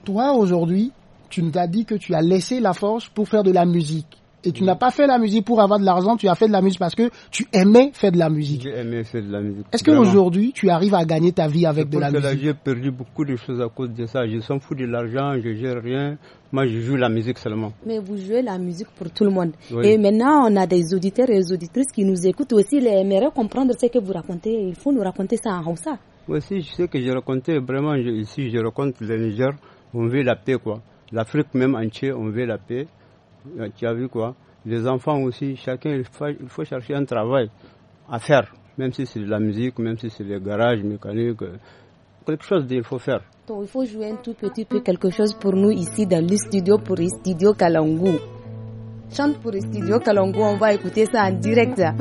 toi, aujourd'hui, tu nous as dit que tu as laissé la force pour faire de la musique et tu n'as pas fait la musique pour avoir de l'argent, tu as fait de la musique parce que tu aimais faire de la musique. J'ai aimé faire de la musique. Est-ce qu'aujourd'hui, tu arrives à gagner ta vie avec de la musique J'ai perdu beaucoup de choses à cause de ça. Je s'en fous de l'argent, je gère rien. Moi, je joue la musique seulement. Mais vous jouez la musique pour tout le monde. Et maintenant, on a des auditeurs et des auditrices qui nous écoutent aussi. Ils aimeraient comprendre ce que vous racontez. Il faut nous raconter ça en ça Oui, si je sais que je raconte vraiment, ici, je raconte le Niger, on veut la paix, quoi. L'Afrique même entière, on veut la paix. Euh, tu as vu quoi Les enfants aussi, chacun, il faut, chercher un travail à faire, même si c'est de la musique, même si c'est des garages mécaniques, euh, quelque chose il faut faire. il faut jouer un tout petit peu quelque chose pour nous ici dans le studio pour Estudio studio Kalangu. Chante pour le studio Kalangu, on va écouter ça en direct. Kalangu,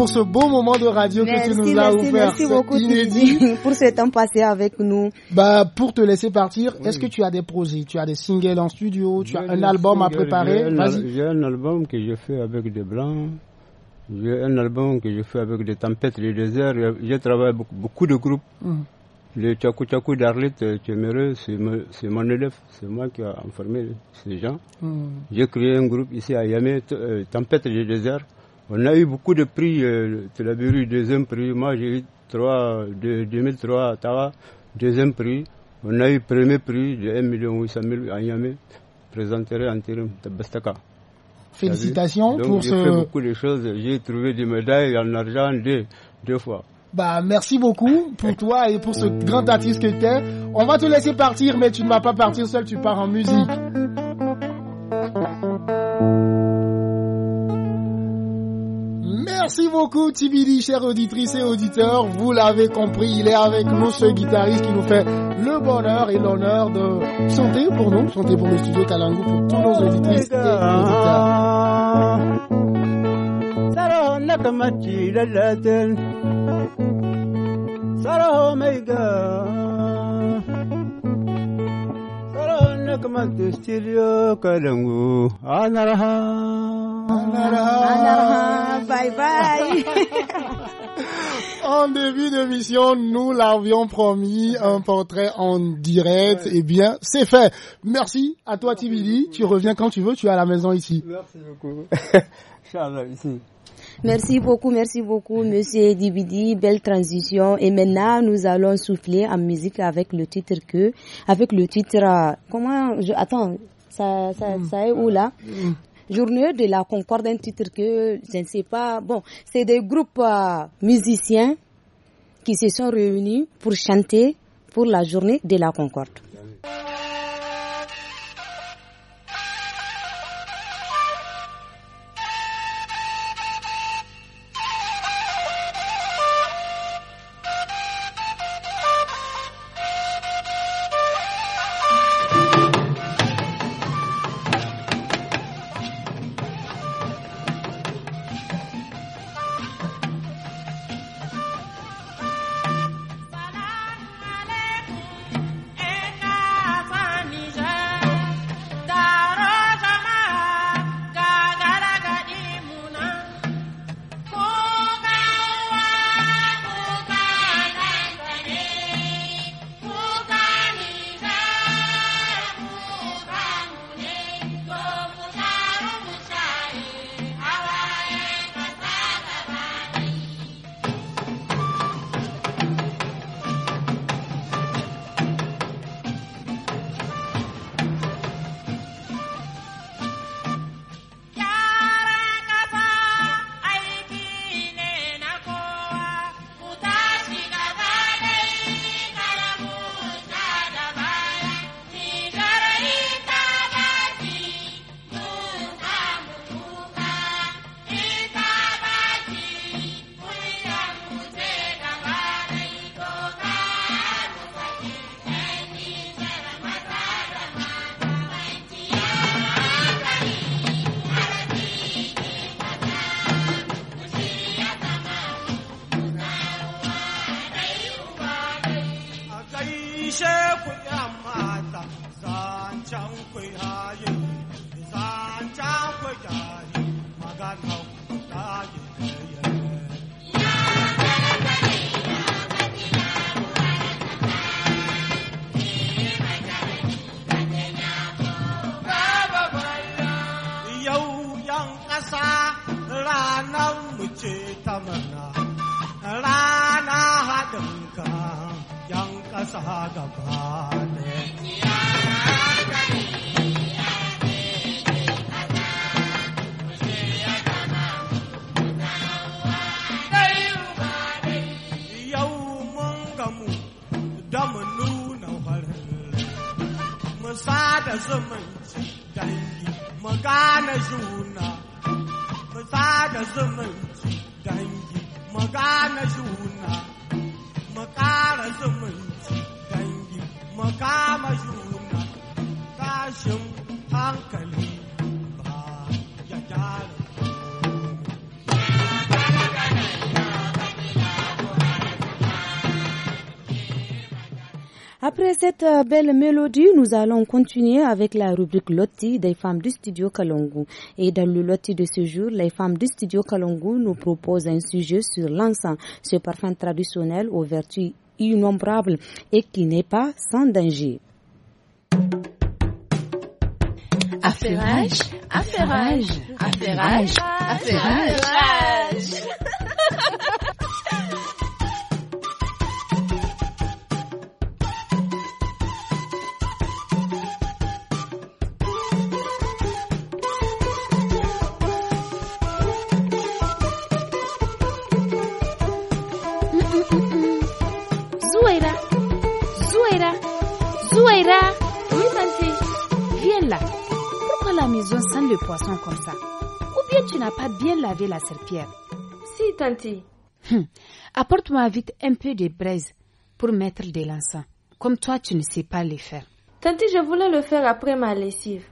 pour ce beau moment de radio merci, que tu nous as offert. Merci beaucoup, [laughs] pour ce temps passé avec nous. Bah, pour te laisser partir, est-ce que tu as des projets Tu as des singles en studio Tu as un album à préparer J'ai un, album que je fais avec des blancs. J'ai un album que je fais avec des tempêtes, du déserts. J'ai travaillé avec beaucoup de groupes. Mm. Le Tchakou Tchakou d'Arlette, euh, c'est mon élève, c'est moi qui ai informé ces gens. Mm. J'ai créé un groupe ici à Yamé, euh, Tempête du déserts. On a eu beaucoup de prix. Euh, tu l'as eu deuxième prix. Moi, j'ai eu de, 2003 à Tara, deuxième prix. On a eu premier prix de 1 800 000 à Yamé, présenté en de Tabastaka. Félicitations pour ce. J'ai fait beaucoup de choses. J'ai trouvé des médailles en argent deux, deux fois. Bah, merci beaucoup pour toi et pour ce grand artiste que tu es. On va te laisser partir, mais tu ne vas pas partir seul, tu pars en musique. Merci beaucoup Tibidi, chers auditrices et auditeurs. Vous l'avez compris, il est avec nous ce guitariste qui nous fait le bonheur et l'honneur de chanter pour nous, chanter pour le studio Kalangu, pour tous nos auditrices et auditeurs. Bye bye. [laughs] en début de mission, nous l'avions promis, un portrait en direct. et Eh bien, c'est fait. Merci à toi, Tibidi. Tu reviens quand tu veux. Tu es à la maison ici. Merci beaucoup. Charles, [laughs] Merci beaucoup, merci beaucoup, Monsieur Dibidi. Belle transition. Et maintenant, nous allons souffler en musique avec le titre que, avec le titre, euh, comment, je, attends, ça, ça, hmm. ça est où là? Hmm journée de la concorde, un titre que je ne sais pas. Bon, c'est des groupes euh, musiciens qui se sont réunis pour chanter pour la journée de la concorde. cette euh, belle mélodie, nous allons continuer avec la rubrique Loti des femmes du studio Kalongo. Et dans le Loti de ce jour, les femmes du studio Kalongo nous proposent un sujet sur l'encens, ce parfum traditionnel aux vertus innombrables et qui n'est pas sans danger. affairage, affairage. affairage. affairage. sans le poisson comme ça. Ou bien tu n'as pas bien lavé la serpillère. Si, tanti. Hum. Apporte-moi vite un peu de braise pour mettre de l'encens. Comme toi, tu ne sais pas les faire. Tanti, je voulais le faire après ma lessive.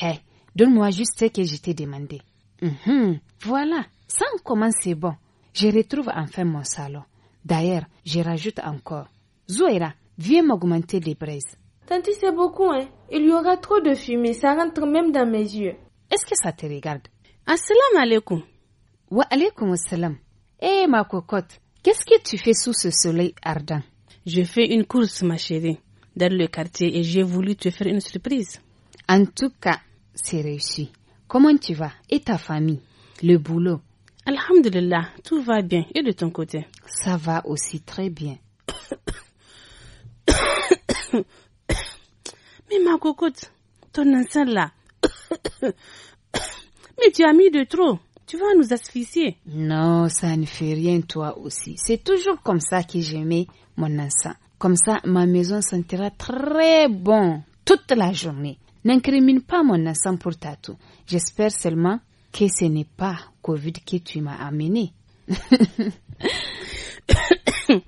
Hé, donne-moi juste ce que je t'ai demandé. Mhm. Voilà, ça commence, c'est bon. Je retrouve enfin mon salon. D'ailleurs, je rajoute encore. Zoéra, viens m'augmenter les braises. Tanti, c'est beaucoup, hein. Il y aura trop de fumée, ça rentre même dans mes yeux. Est-ce que ça te regarde Assalamu alaikum. Wa alaikum assalam. Eh, ma cocotte, qu'est-ce que tu fais sous ce soleil ardent Je fais une course, ma chérie, dans le quartier et j'ai voulu te faire une surprise. En tout cas, c'est réussi. Comment tu vas Et ta famille Le boulot Alhamdulillah, tout va bien. Et de ton côté Ça va aussi très bien. [coughs] [coughs] [coughs] Mais ma cocotte, ton enceinte là. [coughs] Mais tu as mis de trop. Tu vas nous asphyxier. Non, ça ne fait rien, toi aussi. C'est toujours comme ça que j'aimais mon enceinte. Comme ça, ma maison sentira très bon toute la journée. N'incrimine pas mon enceinte pour ta toux. J'espère seulement que ce n'est pas Covid que tu m'as amené. [coughs] Et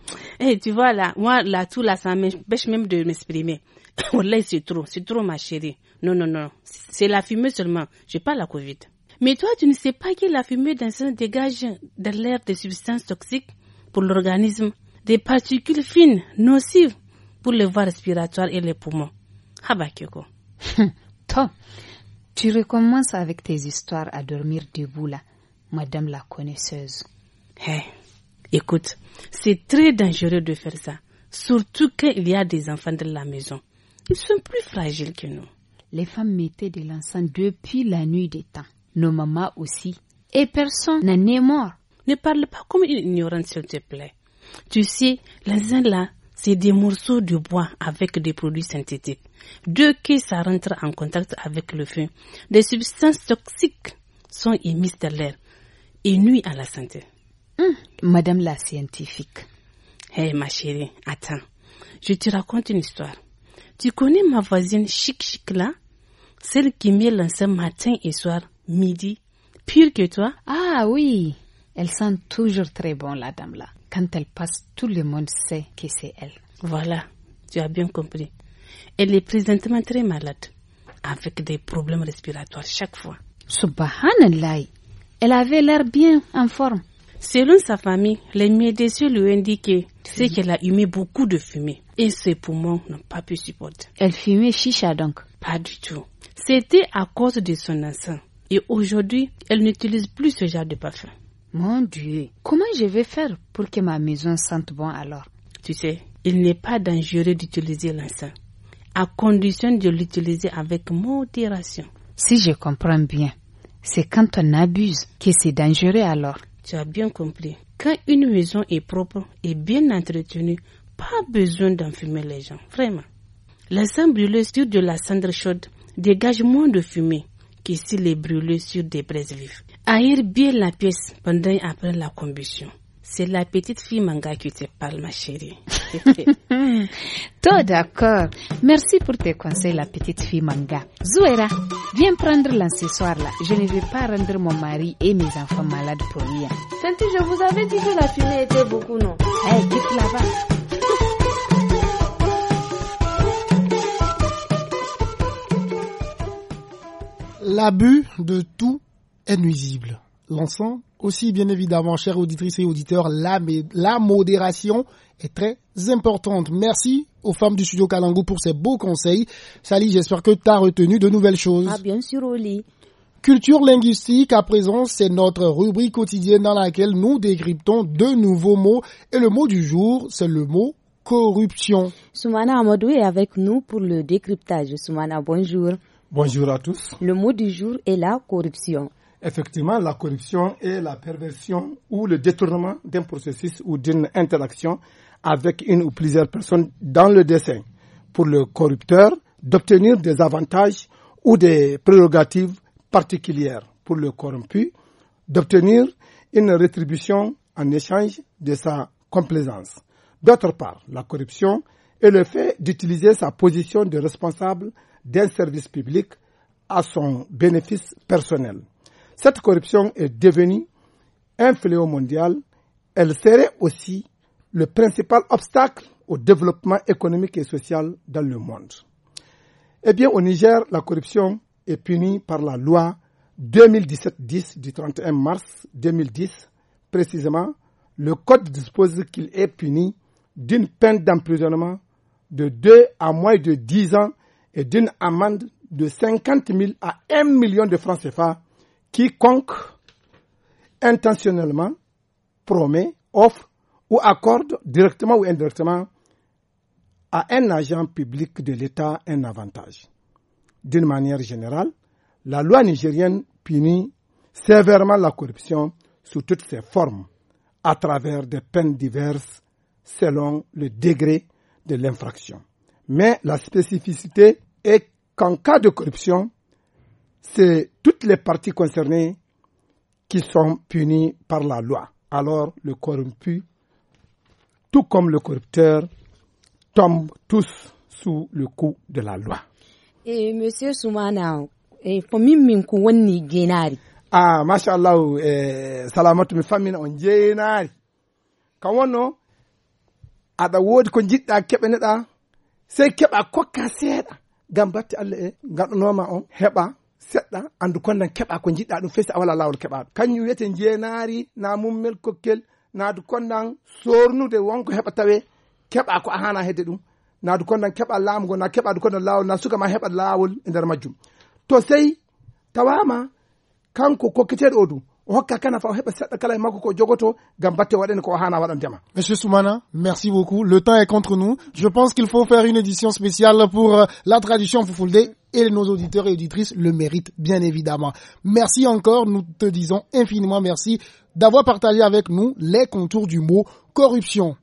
eh, tu vois là, moi la toux, là, ça m'empêche même de m'exprimer. [laughs] c'est trop, c'est trop, ma chérie. Non, non, non, c'est la fumée seulement. J'ai pas la Covid. Mais toi, tu ne sais pas que la fumée d'incendie dégage de l'air des substances toxiques pour l'organisme, des particules fines, nocives pour les voies respiratoires et les poumons. Habakeko. Ah [laughs] toi, tu recommences avec tes histoires à dormir debout là, madame la connaisseuse. Eh, écoute, c'est très dangereux de faire ça, surtout qu'il y a des enfants de la maison. Ils sont plus fragiles que nous. Les femmes mettaient de l'encens depuis la nuit des temps. Nos mamans aussi. Et personne n'en est mort. Ne parle pas comme une ignorante, s'il te plaît. Tu sais, l'encens là, c'est des morceaux de bois avec des produits synthétiques. Deux que ça rentre en contact avec le feu, des substances toxiques sont émises dans l'air et nuisent à la santé. Hum, madame la scientifique. Hé, ma chérie, attends. Je te raconte une histoire. Tu connais ma voisine chic chic là Celle qui met l'ancien matin et soir, midi. Pire que toi Ah oui Elle sent toujours très bon la dame là. Quand elle passe, tout le monde sait que c'est elle. Voilà, tu as bien compris. Elle est présentement très malade, avec des problèmes respiratoires chaque fois. Subhanallah Elle avait l'air bien en forme. Selon sa famille, les médecins lui ont indiqué c'est qu'elle a humé beaucoup de fumée et ses poumons n'ont pas pu supporter. Elle fumait chicha donc Pas du tout. C'était à cause de son enceinte. Et aujourd'hui, elle n'utilise plus ce genre de parfum. Mon Dieu, comment je vais faire pour que ma maison sente bon alors Tu sais, il n'est pas dangereux d'utiliser l'encens, à condition de l'utiliser avec modération. Si je comprends bien, c'est quand on abuse que c'est dangereux alors. Tu as bien compris. Quand une maison est propre et bien entretenue, pas besoin d'enfumer les gens, vraiment. Les cendre brûlés sur de la cendre chaude Dégage moins de fumée que si les brûlés sur des braises vives. Aïe bien la pièce pendant et après la combustion. C'est la petite fille manga qui te parle, ma chérie. [laughs] Tout d'accord. Merci pour tes conseils, la petite fille manga. Zouera, viens prendre l'accessoire-là. Je ne vais pas rendre mon mari et mes enfants malades pour rien. Senti, je vous avais dit que la fumée était beaucoup, non elle eh, hey, quitte là-bas. l'abus de tout est nuisible. L'ensemble aussi, bien évidemment, chers auditrices et auditeurs, la, la modération est très importante. Merci aux femmes du studio Kalango pour ces beaux conseils. Sally, j'espère que tu as retenu de nouvelles choses. Ah, bien sûr, Oli. Culture linguistique, à présent, c'est notre rubrique quotidienne dans laquelle nous décryptons de nouveaux mots. Et le mot du jour, c'est le mot corruption. Soumana Amadou est avec nous pour le décryptage. Soumana, bonjour. Bonjour à tous. Le mot du jour est la corruption. Effectivement, la corruption est la perversion ou le détournement d'un processus ou d'une interaction avec une ou plusieurs personnes dans le dessin. pour le corrupteur d'obtenir des avantages ou des prérogatives particulières pour le corrompu d'obtenir une rétribution en échange de sa complaisance. D'autre part, la corruption est le fait d'utiliser sa position de responsable d'un service public à son bénéfice personnel. Cette corruption est devenue un fléau mondial. Elle serait aussi le principal obstacle au développement économique et social dans le monde. Eh bien, au Niger, la corruption est punie par la loi 2017-10 du 31 mars 2010. Précisément, le Code dispose qu'il est puni d'une peine d'emprisonnement de 2 à moins de 10 ans et d'une amende de 50 000 à 1 million de francs CFA quiconque intentionnellement promet, offre ou accorde directement ou indirectement à un agent public de l'État un avantage. D'une manière générale, la loi nigérienne punit sévèrement la corruption sous toutes ses formes, à travers des peines diverses selon le degré de l'infraction. Mais la spécificité est qu'en cas de corruption, c'est toutes les parties concernées qui sont punies par la loi. Alors le corrompu, tout comme le corrupteur, tombe tous sous le coup de la loi. Et Monsieur Soumana, ah masha allahu e eh, salamatu mi fammina on jeynaari Kawono, wonno aɗa woodi ko jiɗɗa sey keɓa kokka seeɗa gam batte allah e gaɗanoma on heɓa seɗɗa andu konnan keɓa ko jiɗɗa ɗum fe si a wala lawol keɓaɗo kañum wiyete jeenaari na mummel kokkel naadu konnan sornude wonko heɓa tawe keɓa ko a hana hedde ɗum naadu konnan keɓa laamugo na keɓadu konnan lawol na sukama heɓa lawol e nder majjum to sey tawama kanko kokketeɗo o du monsieur soumana merci beaucoup le temps est contre nous je pense qu'il faut faire une édition spéciale pour euh, la tradition fufulde et nos auditeurs et auditrices le méritent bien évidemment merci encore nous te disons infiniment merci d'avoir partagé avec nous les contours du mot corruption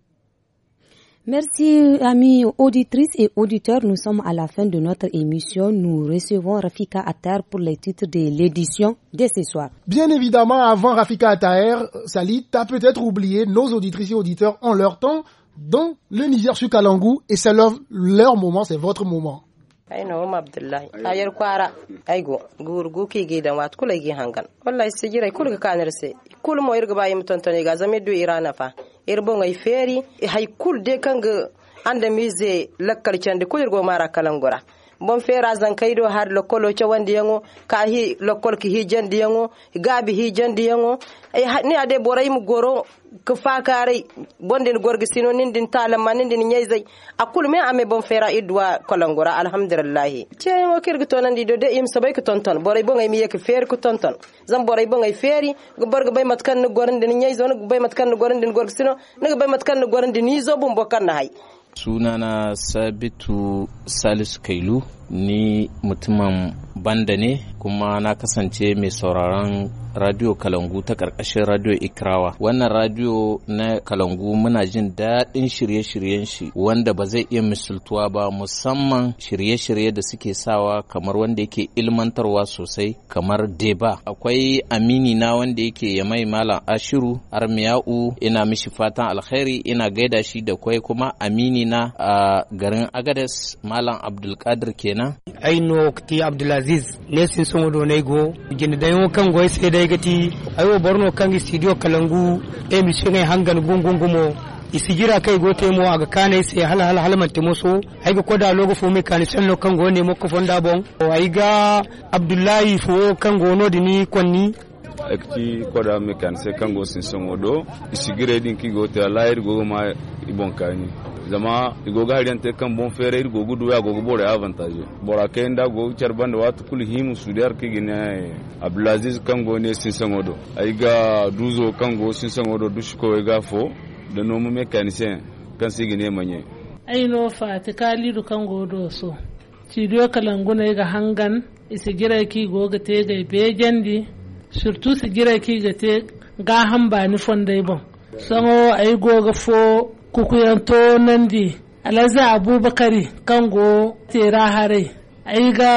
Merci, amis auditrices et auditeurs. Nous sommes à la fin de notre émission. Nous recevons Rafika Atar pour les titres de l'édition de ce soir. Bien évidemment, avant Rafika Atar, Salit, t'as peut-être oublié, nos auditrices et auditeurs ont leur temps dont le Niger sur et c'est leur, leur moment, c'est votre moment. ayar kwara aygo hangan irbon ay feri hay kul de kanga anda mise lakkal cande ko yergo mara kalangora bon fera zankayɗo har lokkol o cawandiyango ka hi lokkol ki hijandiyango gaabi hijandiyango e ni ade ɓorayimo goro ko fakari bondin gorgo sino nin din talama nin din ñaysay akkulu min ame bon fera idduwa kolangora alhamdulillahi ceeŋo kirgo tonandi ɗo de im sobay ko tonton ɓoray bo gay mi yeke feeri ko tonton zan ɓoray bo gay feeri borgo bay mat no gorondin ñayso no bay mat no gorondin gorgo sino nogo bay mat no gorondin yiso bum bo na hay sunana sabitu salisu kailu ni mutumin banda ne kuma na kasance mai sauraron radio kalangu ta ƙarƙashin radio ikrawa wannan radio na kalangu muna jin daɗin shirye-shiryen shi wanda ba zai iya misaltuwa ba musamman shirye-shirye da suke sawa kamar wanda yake ilmantarwa sosai kamar deba akwai amini na wanda yake ya mai malam ashiru armiya'u ina mishi fatan alkhairi ina gaida shi da kwai kuma amini na a garin agades malam abdulkadir kenan kenan aino ti abdulaziz ne sin sun wado na go gini da yon kan gwai sai dai gati ayo borno kan studio kalangu e mi hangan gungungumo isigira kai go temo aga kane sai hal hal hal man temo so ai ga koda logo fo me kan sen kan go ne mo ko fonda bon ai ga abdullahi fo kan go no dini konni ekti koda mekan kan se kango sin do isigire din ki go te alair go ma ibon kani zama igo ga rian te kan bon fere go gudu ya go bore avantage bora kenda go charban da watu kul himu sudar ki gine abdulaziz kango ne sin songodo ai ga duzo kango sin songodo dushko ga fo no mu mekanisyen kan sigine manye aino fati kalidu kango do so cidiyo kalanguna ga hangan isigire gira ki goga te ga bejandi surtout su jira ki te ga hamba ni fonday bon sango ay goga fo nan nandi alaza abubakari kango tera hare ai ga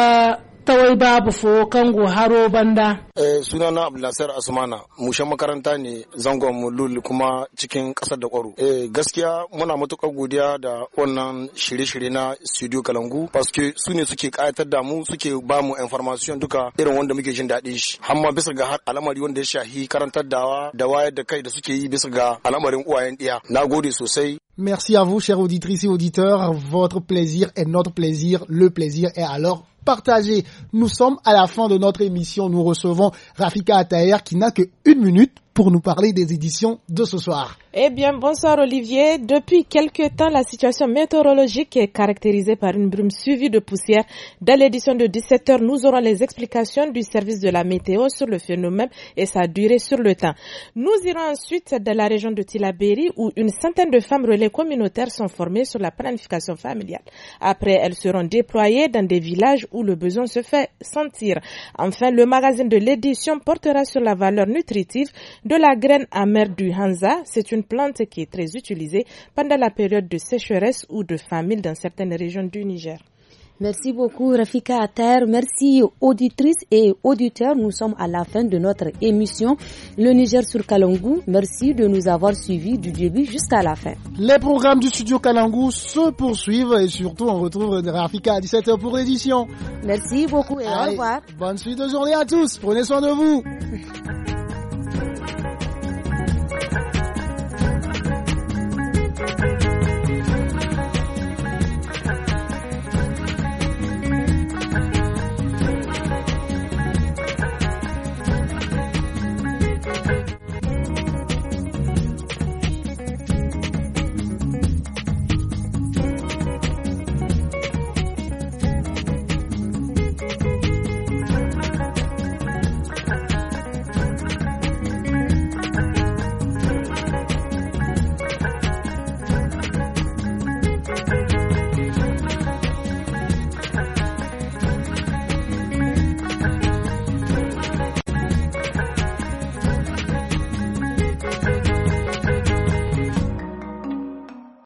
tawai babu fo kango haro banda. Eh, sunana Abdullasar Asmana, mushe makaranta ne zangon mulul kuma cikin ƙasar da kwaro. Eh, gaskiya muna matuƙar godiya da wannan shirye-shirye na studio Kalangu paske su ne suke ƙayatar da mu suke ba mu information duka irin wanda muke jin daɗin shi. Hamma bisa ga al'amari wanda ya shahi karantar dawa da wayar da kai da suke yi bisa ga al'amarin uwayen ɗiya. Na gode sosai. Merci à vous, chers auditrices et auditeurs. Votre plaisir est notre plaisir. Le plaisir est alors partagé. Nous sommes à la fin de notre émission. Nous recevons Rafika Atayer qui n'a que une minute pour nous parler des éditions de ce soir. Eh bien, bonsoir Olivier. Depuis quelques temps, la situation météorologique est caractérisée par une brume suivie de poussière. Dans l'édition de 17h, nous aurons les explications du service de la météo sur le phénomène et sa durée sur le temps. Nous irons ensuite dans la région de Tilaberi où une centaine de femmes relais communautaires sont formées sur la planification familiale. Après, elles seront déployées dans des villages où le besoin se fait sentir. Enfin, le magazine de l'édition portera sur la valeur nutritive de la graine amère du Hansa. C'est une plante qui est très utilisée pendant la période de sécheresse ou de famine dans certaines régions du Niger. Merci beaucoup Rafika Ater. Merci auditrices et auditeurs. Nous sommes à la fin de notre émission Le Niger sur Kalangou. Merci de nous avoir suivis du début jusqu'à la fin. Les programmes du studio Kalangou se poursuivent et surtout on retrouve Rafika à 17h pour édition. Merci beaucoup et au revoir. Bonne suite de journée à tous. Prenez soin de vous. Thank you.